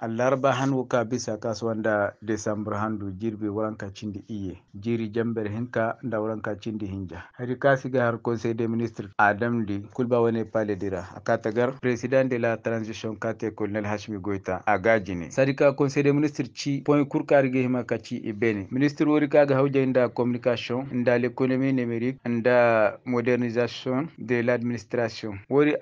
hannu ka bisa da decembre handu jirbe waranka da iye jiri jambar hinka wurin waranka da hinja hari kasiga har da des Adam Di kulba wane pale a katagar president de la transition kate colonel hashmi goita a agajini sadika conseil des ministres ci Kurka rige hima kaci ibeni wuri ka ga hauja inda communication inda l'économie numérique inda modernisation de l'administration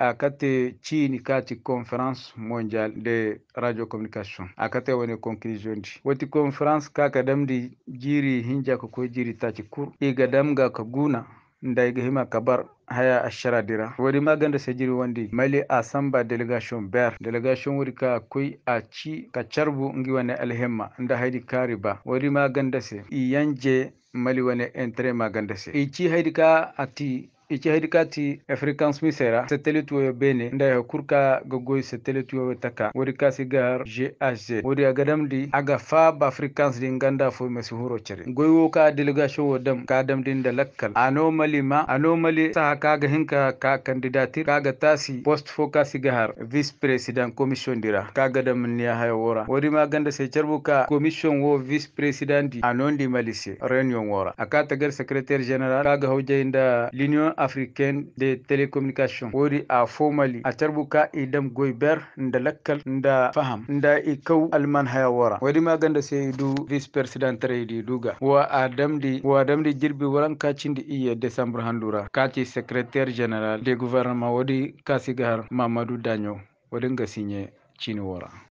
a kate akate ni kati conference mondial de radio communication communication akate woni conclusion ji wati conference kaka di jiri hinja ko ko jiri taci kur iga damga ka guna ndayga hima kabar haya ashara dira wadi maganda sa jiri wandi mali a samba delegation ber delegation wadi ka koi a ci ka carbu ngi wane alhemma nda haidi kariba wadi maganda se iyanje mali wane entre maganda se ici haidi ka ati i ci icahidi kati africans mi sera seteli tuwoyo bene ka kurka gogoy seteli tuwoyo taka wodi kasi gar ghz wodi agadamdi aga faaba africans din ganda foy masi huro cere goy wo ka délégation wo dam ka dam damdin nda lakkal a no mali ma a no mali saha ga hinka ka candidatir kaga tasi poste fo ka kasi gahar vice président commission dira ga dam niya hayo wora wodi ma ganda se cerbu ka commission wo vice président di a anondi malise réunion wora secretaire gar ka ga kaga hawjayinda linion africaine de telecommunication wori a formally a tarbuka idam e goiber da lakkal nda faham da ikau e alman hayawara wadi maganda sai du vice president reydi duga wa adamdi wa adamdi jirbi waran kacin da iya december handura kaci secrétaire général. de gouvernement wadi mamadou mamadu wadi nga signé cini wara